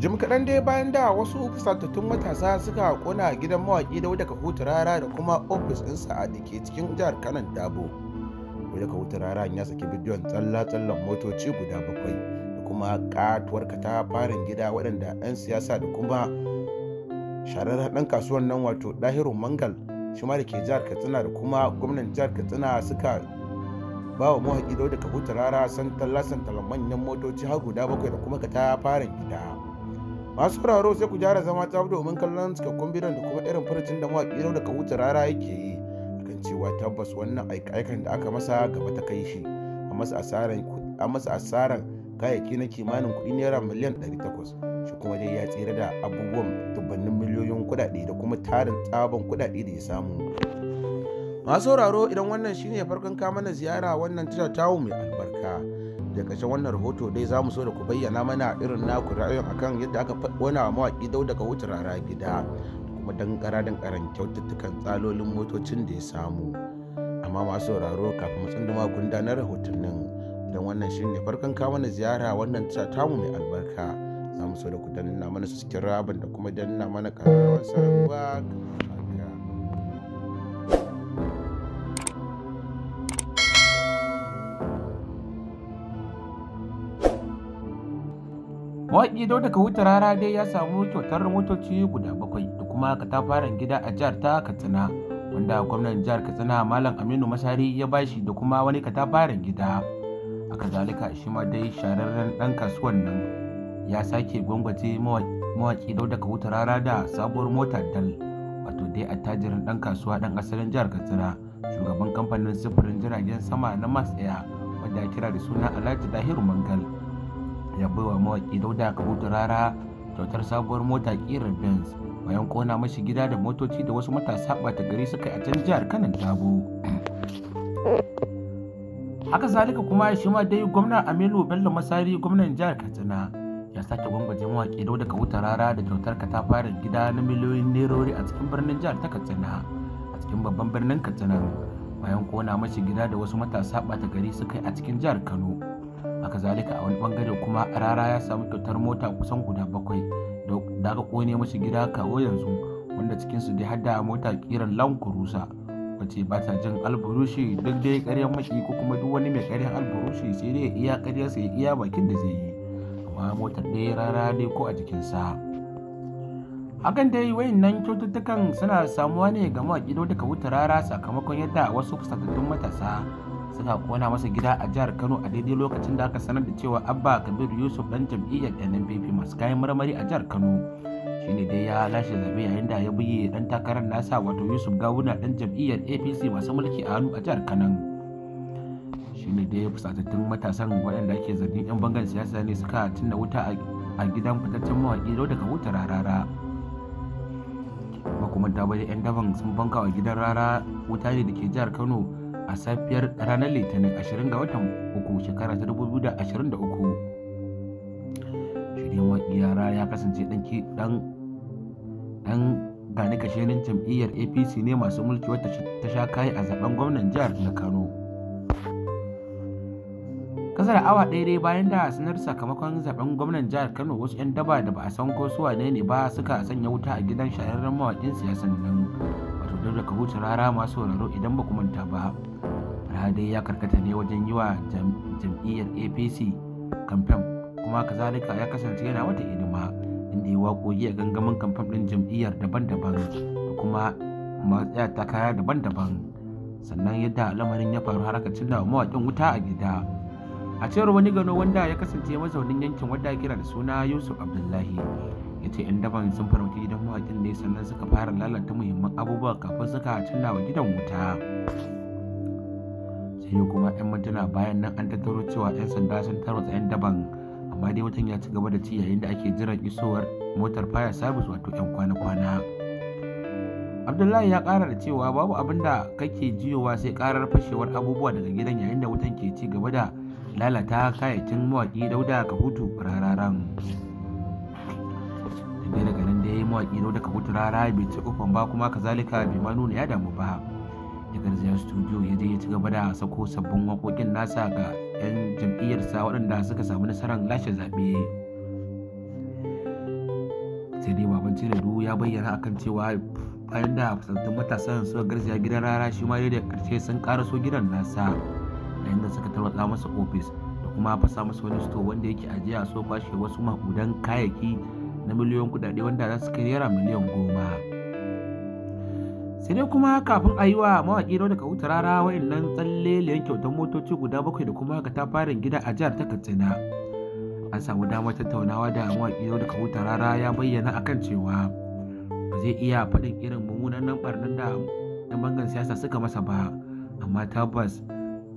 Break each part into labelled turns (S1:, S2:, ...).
S1: jim kaɗan dai bayan da wasu fusatattun matasa suka kona gidan mawaƙi da daga hutu rara da kuma ofis ɗinsa a dake cikin jihar kanan dabo wadaka hutu rara ya saki bidiyon tsalla-tsallan motoci guda bakwai da kuma katuwar farin gida waɗanda 'yan siyasa da kuma shararra ɗan kasuwan nan wato dahiru mangal shi ma da ke jihar katsina da kuma gwamnan jihar katsina suka ba wa mawaƙi da daga hutu rara san talla manyan motoci har guda bakwai da kuma farin gida masu sauraro sai ku gyara zama ta domin kallon cikakkun bidiyon da kuma irin furucin da mawaƙi rau da wuce rara yake yi akan cewa tabbas wannan aikan da aka masa gaba ta kai shi a masa asaran kayayyaki na kimanin kuɗi naira miliyan 800 shi kuma dai ya tsira da abubuwan dubbannin miliyoyin kuɗaɗe da kuma tarin tsaban kuɗaɗe da ya samu masu sauraro idan wannan shine farkon kama na ziyara wannan tashar tawo mai albarka da ƙarshen wannan rahoto dai za mu so da ku bayyana mana irin naku ra'ayin akan yadda aka wani wa mawaƙi dau daga wutar rara gida kuma dan kara dan karan kyaututtukan tsalolin motocin da ya samu amma masu sauraro kafin mu na rahoton rahotannin don wannan shirin ne farkon kawo na ziyara wannan tamu mai albarka za mu so da ku danna mana su cikin rabin da kuma danna mana karawar sarrafa
S2: mawaƙi daga wuta rara dai ya samu kyautar motoci guda bakwai da kuma katafaren gida a jihar ta katsina wanda gwamnan jihar katsina malam aminu masari ya bashi da kuma wani katafaren gida a kazalika shi ma dai shararren ɗan kasuwan nan ya sake gwangwace mawaƙi dau daga wuta rara da sabuwar mota dal wato dai attajirin ɗan kasuwa ɗan asalin jihar katsina shugaban kamfanin sufurin jiragen sama na mas Air wanda kira da suna alhaji dahiru mangal ya baiwa mawaƙi dauda kabutu rara kyautar sabuwar mota ƙirar benz bayan kona mashi gida da motoci da wasu matasa ɓata gari suka yi a can jihar kanan dabo haka zalika kuma shi ma dai gwamna aminu bello masari gwamnan jihar katsina ya sake gwangwaje mawaƙi dauda kabutu rara da kyautar katafaren gida na miliyoyin nerori a cikin birnin jihar ta katsina a cikin babban birnin katsina bayan kona mashi gida da wasu matasa ɓata gari suka yi a cikin jihar kano haka zalika a wani bangaren kuma rara ya samu kyautar mota kusan guda bakwai da aka kone mashi gida kawo yanzu wanda cikinsu dai hada mota kiran lankurusa wace ba ta jin alburushi duk dai karyar maki ko kuma duk wani mai karyar alburushi sai dai iya karyarsa ya iya bakin da zai yi amma motar dai rara dai ko a jikinsa hakan dai wayannan kyaututtukan suna samuwa ne ga mawaƙi da wuta rara sakamakon yadda wasu kusantattun matasa suka kona masa gida a jihar kano a daidai lokacin da aka sanar da cewa abba kabiru yusuf dan jam'iyyar nnpp masu kayan marmari a jihar kano shine dai ya lashe zabe yayin da ya buye dan takarar nasa wato yusuf gawuna dan jam'iyyar apc masu mulki a hannu a jihar kano shine dai fusatattun matasan waɗanda ake zargin yan bangan siyasa ne suka cinna wuta a gidan fitaccen mawaƙi da daga wutar rarara makomanta bayan yan daban sun banka wa gidan rara wuta ne da ke jihar kano a safiyar ranar litinin 20 ga watan uku shekara ta 2023 shirin yara ya kasance dan dan gani kashenin jam'iyyar apc ne masu mulki wata ta sha kayi a zaben gwamnan jihar na kano kasa da awa ɗaya bayan da sanar sakamakon zaben gwamnan jihar kano wasu 'yan daba da ba a san ko su wane ne ba suka sanya wuta a gidan shahararren mawaƙin siyasan nan wato duk da kahuci rara masu wararo idan ba ku manta ba dai ya karkata ne wajen yi wa jam'iyyar apc kamfen kuma kazalika ya kasance yana wata hidima inda ya waƙoƙi a gangamin kamfen ɗin jam'iyyar daban-daban da kuma matsaya kaya daban-daban sannan yadda lamarin ya faru har aka cinna wa mawaƙin wuta a gida a cewar wani gano wanda ya kasance mazaunin yankin wadda kira da suna yusuf abdullahi ya ce 'yan daban sun farauki gidan mawakin ne sannan suka fara lalata muhimman abubuwa kafin suka cinna wa gidan wuta sai kuma 'yan mintuna bayan nan an tattaro cewa 'yan sanda sun tarwatsa 'yan daban amma dai wutan ya ci gaba da ci yayin da ake jiran isowar motar fire service wato 'yan kwana-kwana abdullahi ya kara da cewa babu abin da kake jiyowa sai karar fashewar abubuwa daga gidan yayin da wutan ke ci gaba da lalata kayayyakin mawaƙi dauda hutu rararan daga nan dai mawaƙi dauda hutu rara bai ci kofan ba kuma kazalika bai ma nuna ya damu ba ya garzayar studio ya je ya ci gaba da sako sabbin waƙoƙin nasa ga 'yan jam'iyyarsa waɗanda suka samu nasarar lashe zaɓe sai dai baban tinubu ya bayyana akan cewa bayan da fasantun matasan suka garzaya gidan rara shi ma da karshe sun karaso gidan nasa inda suka tarwatsa masa ofis da kuma fasa masa wani store wanda yake ajiya a so kwashe wasu makudan kayayyaki na miliyon kudade wanda za su kai naira miliyan goma sai dai kuma kafin a yi wa mawaƙi da kauta rara nan tsalle kyautar motoci guda bakwai da kuma katafarin gida a jihar ta katsina an samu damar tattaunawa da mawaƙi da kauta rara ya bayyana akan cewa ba zai iya faɗin irin mummunan nan barnan da na bangan siyasa suka masa ba amma tabbas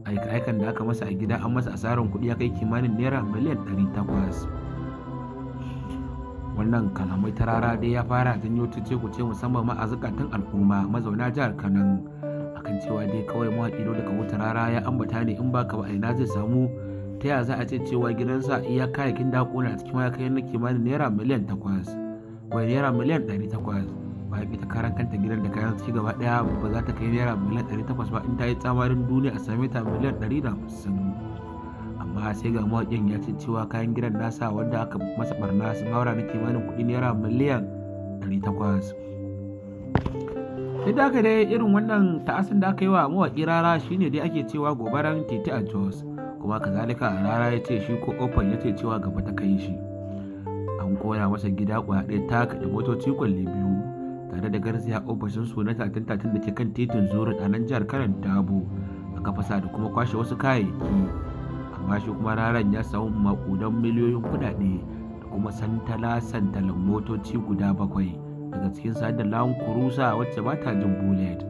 S2: aikan da aka masa a gida an masa asarar kuɗi ya kai kimanin naira miliyan 800 wannan kalamai ta rara dai ya fara janyo ku kuce musamman ma a zukatan al'umma mazauna jihar kanan akan cewa dai kawai mawaƙi daga wata rara ya ambata ne in baka ba a ina zai samu ta yaya za a ce cewa gidansa iya kayakin da a cikin ya kai na kimanin naira miliyan 800 wai naira miliyan 800 ba ita karan kanta gidan da kayan ci gaba daya ba za ta kai naira miliyan 800 ba in ta yi tsamarin duniya a same ta miliyan 150 amma sai ga mawakin ya ce cewa kayan gidan nasa wanda aka masa barna sun haura na kimanin kuɗi naira miliyan 800 Idan da aka dai irin wannan ta'asin da aka yi wa mawaƙi rara shine dai ake cewa gobaran titi a jos kuma kazalika rara ya ce shi ko ofan ya ce cewa gaba ta kai shi an koya masa gida kwaɗe ta kaɗi motoci kwalle biyu tare da garziya ofishin su na tatin tatin da ke kan titin zurin a nan jihar karanta tabo aka fasa da kuma kwashe wasu kayayyaki amma shi kuma raran ya samu makudan miliyoyin kudade da kuma santala santalan motoci guda bakwai daga cikin sa da lawan kurusa wacce ba ta jin bullet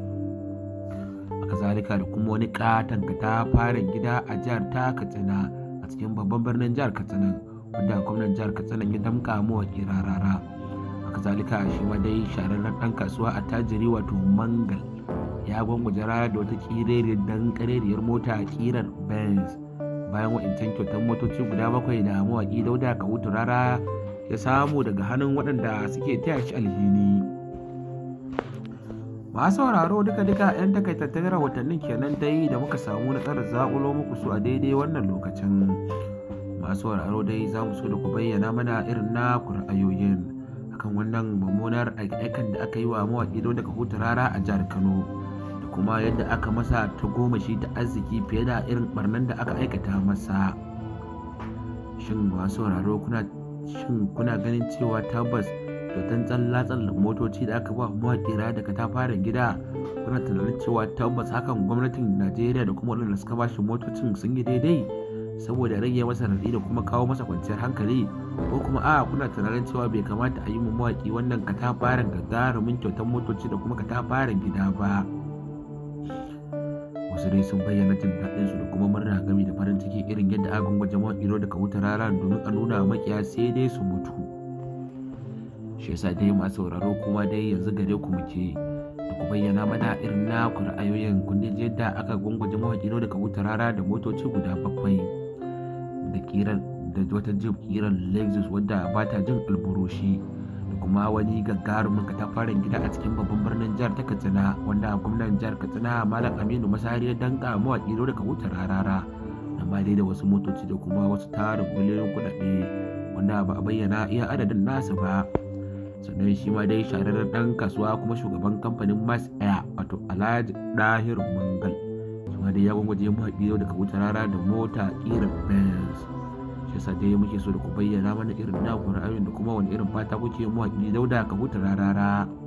S2: a kazalika da kuma wani katon ta fara gida a jihar ta katsina a cikin babban birnin jihar katsina a gwamnan jihar katsina ya damka mawa kirarara haka shi ma dai shahararren ɗan kasuwa a tajiri wato mangal ya gwangwaje rana da wata ƙireriyar dan mota a ƙirar benz bayan wa'incan kyautar motoci guda bakwai da mawaƙi dauda ka hutu rara ya samu daga hannun waɗanda suke taya shi alhini masu sauraro duka-duka 'yan takaitattun rahotannin kenan dai da muka samu na tsara zaƙulo muku su a daidai wannan lokacin masu sauraro dai za mu so da ku bayyana mana irin na ra'ayoyin akan wannan mummunar aikan da aka yi wa mawaƙi don daga hutu rara a jihar kano da kuma yadda aka masa ta goma shi ta arziki fiye da irin barnan da aka aikata masa shin masu sauraro kuna shin kuna ganin cewa tabbas da tsallan motoci da aka ba rara daga ta fara gida kuna tunanin cewa tabbas hakan gwamnatin najeriya da kuma waɗanda suka ba shi motocin sun yi daidai saboda rage masa raɗi da kuma kawo masa kwanciyar hankali ko kuma a kuna tunanin cewa bai kamata a yi mu mawaƙi wannan katafaren gagarumin kyautar motoci da kuma katafaren gida ba wasu dai sun bayyana jin daɗin su da kuma murna gami da farin ciki irin yadda aka gwangwaje mawaƙiro daga wuta rara domin a nuna wa maƙiya sai dai su mutu shi yasa dai masu sauraro kuma dai yanzu gare ku muke da ku bayyana mana irin naku ra'ayoyin kun yadda aka gwangwaje mawaƙiro daga wuta rara da motoci guda bakwai da kiran da wata jirgin kiran lexus wadda ba ta jin alburushi da kuma wani gagarumin katafaren gida a cikin babban birnin jihar ta katsina wanda gwamnan jihar katsina malam aminu masari ya danka mawaƙi daga wutar rarara amma ma da wasu motoci da kuma wasu tarin miliyoyin kudade wanda ba a bayyana iya adadin nasa ba sannan shi ma dai shahararren dan kasuwa kuma shugaban kamfanin mas air wato alhaji dahir mangal shi ma dai ya gwangwaje mahaɗi daga wuta rara da mota kiran benz yasa dai muke so da ku bayyana mana irin naku ra'ayoyin da kuma wani irin fata kuke mu dauda ka huta rarara